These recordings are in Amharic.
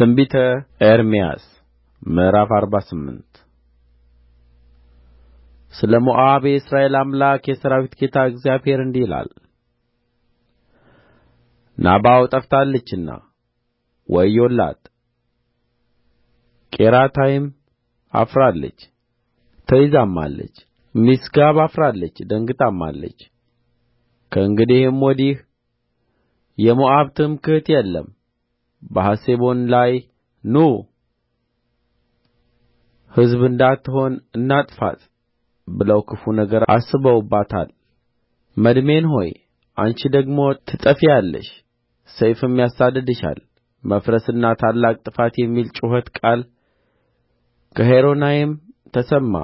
ትንቢተ ኤርምያስ ምዕራፍ አርባ ስምንት ስለ ሞዓብ የእስራኤል አምላክ የሠራዊት ጌታ እግዚአብሔር እንዲህ ይላል ናባው ጠፍታለችና ወዮላት ቂርያታይም አፍራለች ተይዛማለች ሚስጋብ አፍራለች ደንግጣማለች ከእንግዲህም ወዲህ የሞዓብ ትምክሕት የለም በሐሴቦን ላይ ኑ ሕዝብ እንዳትሆን እናጥፋት ብለው ክፉ ነገር አስበውባታል መድሜን ሆይ አንቺ ደግሞ ትጠፊአለሽ ሰይፍም ያሳድድሻል መፍረስና ታላቅ ጥፋት የሚል የጩኸት ቃል ከሖሮናይም ተሰማ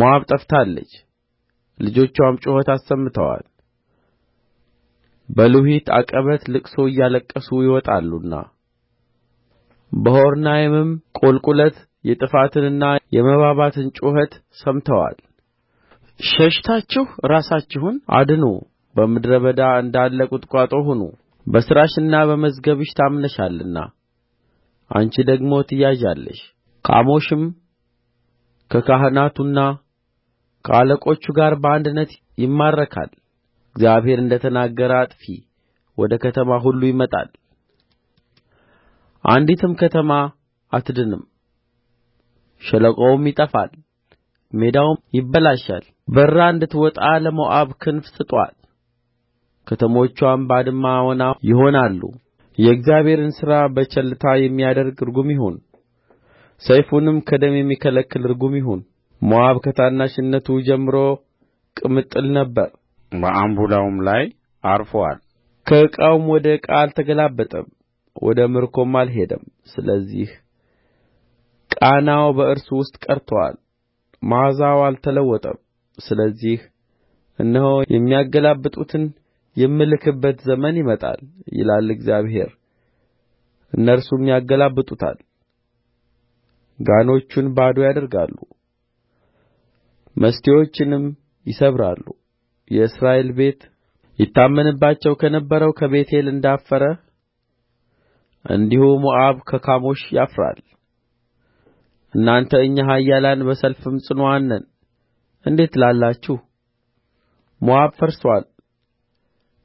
ሞዓብ ጠፍታለች ልጆችዋም ጩኸት አሰምተዋል በሉሒት ዓቀበት ልቅሶ እያለቀሱ ይወጣሉና በሖሮናይምም ቍልቍለት የጥፋትንና የመባባትን ጩኸት ሰምተዋል ሸሽታችሁ ራሳችሁን አድኑ በምድረ በዳ እንዳለ ቁጥቋጦ ሁኑ በሥራሽና በመዝገብሽ ታምነሻልና አንቺ ደግሞ ትያዣለሽ ካሞሽም ከካህናቱና ከአለቆቹ ጋር በአንድነት ይማረካል እግዚአብሔር እንደ ተናገረ አጥፊ ወደ ከተማ ሁሉ ይመጣል አንዲትም ከተማ አትድንም ሸለቆውም ይጠፋል ሜዳውም ይበላሻል በርራ እንድትወጣ ለሞዓብ ክንፍ ስጡአት ከተሞችዋም ባድማ ወና ይሆናሉ የእግዚአብሔርን ሥራ በቸልታ የሚያደርግ ርጉም ይሁን ሰይፉንም ከደም የሚከለክል ርጉም ይሁን ሞዓብ ከታናሽነቱ ጀምሮ ቅምጥል ነበር በአምቡላውም ላይ ዐርፎአል ከዕቃውም ወደ ዕቃ አልተገላበጠም ወደ ምርኮም አልሄደም ስለዚህ ቃናው በእርሱ ውስጥ ቀርቶአል መዓዛው አልተለወጠም ስለዚህ እነሆ የሚያገላብጡትን የምልክበት ዘመን ይመጣል ይላል እግዚአብሔር እነርሱም ያገላብጡታል ጋኖቹን ባዶ ያደርጋሉ መስቴዎችንም ይሰብራሉ የእስራኤል ቤት ይታመንባቸው ከነበረው ከቤቴል እንዳፈረ እንዲሁ ሞዓብ ከካሞሽ ያፍራል እናንተ እኛ ኃያላን በሰልፍም ጽኑዓን ነን እንዴት ትላላችሁ ሞዓብ ፈርሶአል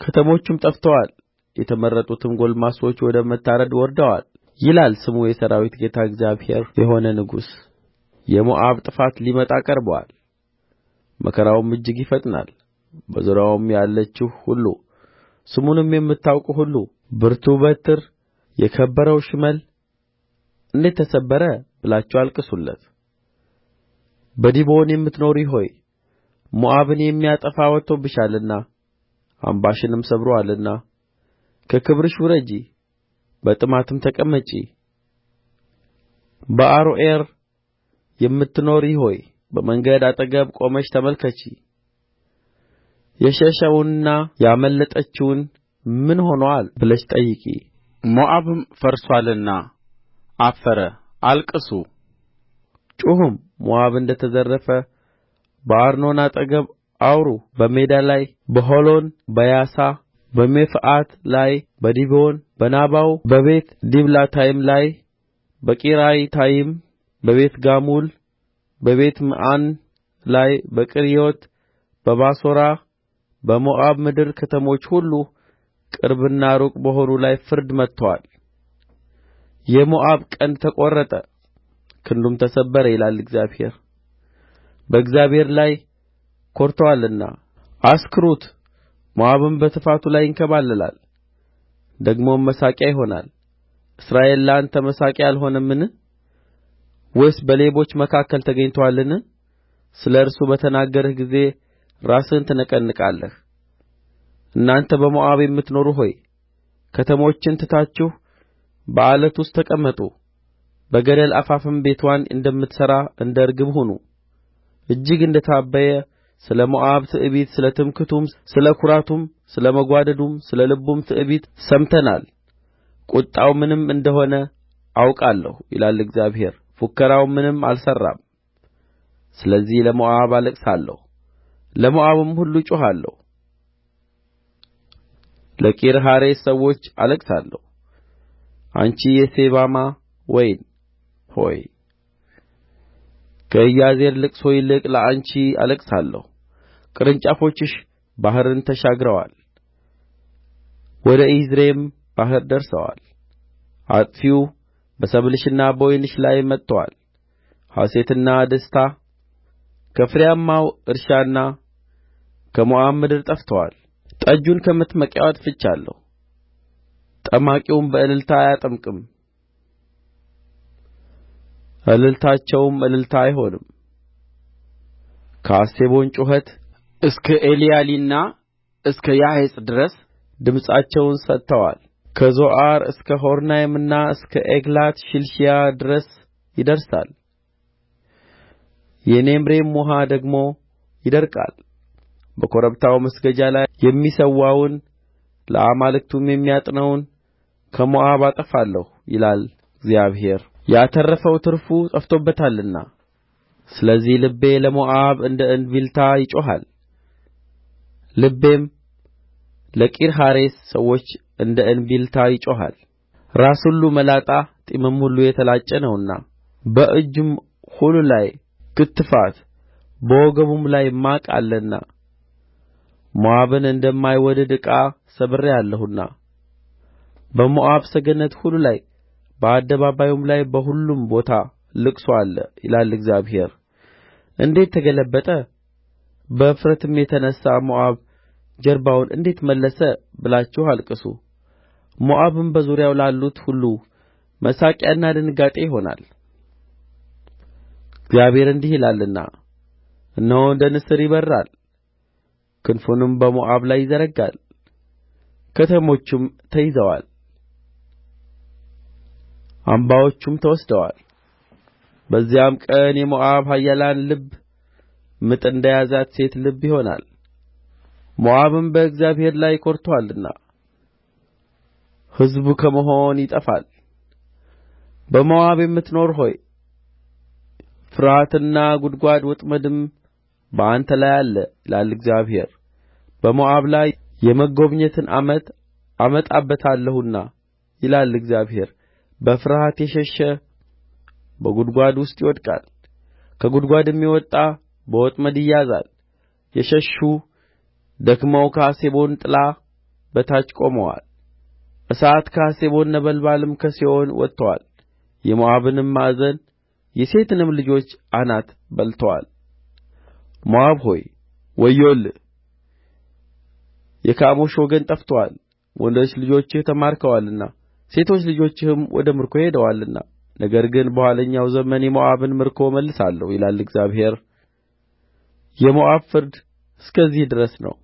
ከተሞቹም ጠፍተዋል የተመረጡትም ጕልማሶች ወደ መታረድ ወርደዋል ይላል ስሙ የሠራዊት ጌታ እግዚአብሔር የሆነ ንጉሥ የሞዓብ ጥፋት ሊመጣ ቀርቦአል መከራውም እጅግ ይፈጥናል በዙሪያውም ያለችው ሁሉ ስሙንም የምታውቁ ሁሉ ብርቱ በትር የከበረው ሽመል እንዴት ተሰበረ ብላችሁ አልቅሱለት በዲቦን የምትኖሪ ሆይ ሞዓብን የሚያጠፋ ወጥቶብሻልና አምባሽንም ሰብሮአልና ከክብርሽ ውረጂ በጥማትም ተቀመጪ በአሮዔር የምትኖሪ ሆይ በመንገድ አጠገብ ቆመሽ ተመልከቺ የሸሸውንና ያመለጠችውን ምን ሆኖአል ብለሽ ጠይቂ ሞዓብም ፈርሶአልና አፈረ አልቅሱ ጩኹም ሞዓብ እንደ ተዘረፈ በአርኖን አጠገብ አውሩ በሜዳ ላይ በሖሎን በያሳ በሜፍዓት ላይ በዲቦን በናባው በቤት ዲብላታይም ላይ በቂርያታይም በቤት በቤትምዖን ላይ በቂርዮት በባሶራ በሞዓብ ምድር ከተሞች ሁሉ ቅርብና ሩቅ በሆኑ ላይ ፍርድ መጥቶአል የሞዓብ ቀንድ ተቈረጠ ክንዱም ተሰበረ ይላል እግዚአብሔር በእግዚአብሔር ላይ ኰርቶአልና አስክሩት ሞዓብም በትፋቱ ላይ ይንከባለላል ደግሞም መሳቂያ ይሆናል እስራኤል ለአንተ መሳቂያ አልሆነምን ወይስ በሌቦች መካከል ተገኝቶአልን ስለ እርሱ በተናገርህ ጊዜ ራስህን ትነቀንቃለህ እናንተ በሞዓብ የምትኖሩ ሆይ ከተሞችን ትታችሁ በዓለት ውስጥ ተቀመጡ በገደል አፋፍም ቤትዋን እንደምትሠራ እንደ ርግብ ሁኑ እጅግ እንደ ታበየ ስለ ሞዓብ ትዕቢት ስለ ትምክህቱም፣ ስለ ኵራቱም፣ ስለ መጓደዱም ስለ ልቡም ትዕቢት ሰምተናል ቍጣው ምንም እንደ ሆነ አውቃለሁ ይላል እግዚአብሔር ፉከራው ምንም አልሠራም ስለዚህ ለሞዓብ አለቅሳለሁ ለሞዓብም ሁሉ እጮኻለሁ ለቂርሔሬስ ሰዎች አለቅሳለሁ አንቺ የሴባማ ወይን ሆይ ከኢያዜር ልቅሶ ይልቅ ለአንቺ አለቅሳለሁ ቅርንጫፎችሽ ባሕርን ተሻግረዋል ወደ ኢያዜርም ባሕር ደርሰዋል አጥፊው በሰብልሽና በወይንሽ ላይ መጥቶአል ሐሤትና ደስታ ከፍሬያማው እርሻና ከሞዓብ ምድር ጠፍተዋል ጠጁን ከመጥመቂያው አጥፍቻለሁ ጠማቂውም በእልልታ አያጠምቅም እልልታቸውም እልልታ አይሆንም ከሐሴቦን ጩኸት እስከ ኤልያሊና እስከ ያሀጽ ድረስ ድምፃቸውን ሰጥተዋል ከዞዓር እስከ ሖሮናይምና እስከ ዔግላት ሽሊሺያ ድረስ ይደርሳል የኔምሬም ውኃ ደግሞ ይደርቃል በኮረብታው መስገጃ ላይ የሚሠዋውን ለአማልክቱም የሚያጥነውን ከሞዓብ አጠፋለሁ ይላል እግዚአብሔር ያተረፈው ትርፉ ጠፍቶበታልና ስለዚህ ልቤ ለሞዓብ እንደ እንቢልታ ይጮኻል ልቤም ለቂርሔሬስ ሰዎች እንደ እንቢልታ ይጮኻል ራስ ሁሉ መላጣ ጢምም ሁሉ የተላጨ ነውና በእጁም ሁሉ ላይ ክትፋት በወገቡም ላይ ማቅ አለና ሞዓብን እንደማይወደድ ዕቃ ሰብሬአለሁና በሞዓብ ሰገነት ሁሉ ላይ በአደባባዩም ላይ በሁሉም ቦታ ልቅሶ አለ ይላል እግዚአብሔር እንዴት ተገለበጠ በእፍረትም የተነሣ ሞዓብ ጀርባውን እንዴት መለሰ ብላችሁ አልቅሱ ሞዓብም በዙሪያው ላሉት ሁሉ መሳቂያና ድንጋጤ ይሆናል እግዚአብሔር እንዲህ ይላልና እነሆ እንደ ንስር ይበርራል ክንፉንም በሞዓብ ላይ ይዘረጋል ከተሞቹም ተይዘዋል አምባዎቹም ተወስደዋል በዚያም ቀን የሞዓብ ኃያላን ልብ ምጥ እንደ ያዛት ሴት ልብ ይሆናል ሞዓብም በእግዚአብሔር ላይ ኰርቶአልና ሕዝቡ ከመሆን ይጠፋል በሞዓብ የምትኖር ሆይ ፍርሃትና ጕድጓድ ወጥመድም በአንተ ላይ አለ ይላል እግዚአብሔር በሞዓብ ላይ የመጐብኘትን ዓመት አመጣበታለሁና ይላል እግዚአብሔር በፍርሃት የሸሸ በጕድጓድ ውስጥ ይወድቃል ከጕድጓድም የወጣ በወጥመድ ይያዛል የሸሹ ደክመው ከሐሴቦን ጥላ በታች ቆመዋል እሳት ከሐሴቦን ነበልባልም ከሴዎን ወጥቶአል የሞዓብንም ማዕዘን የሴትንም ልጆች አናት በልቶአል ሞዓብ ሆይ ወዮልህ የካሞሽ ወገን ጠፍቶአል ወንዶች ልጆችህ ተማርከዋልና ሴቶች ልጆችህም ወደ ምርኮ ሄደዋልና ነገር ግን በኋለኛው ዘመን የሞዓብን ምርኮ እመልሳለሁ ይላል እግዚአብሔር የሞዓብ ፍርድ እስከዚህ ድረስ ነው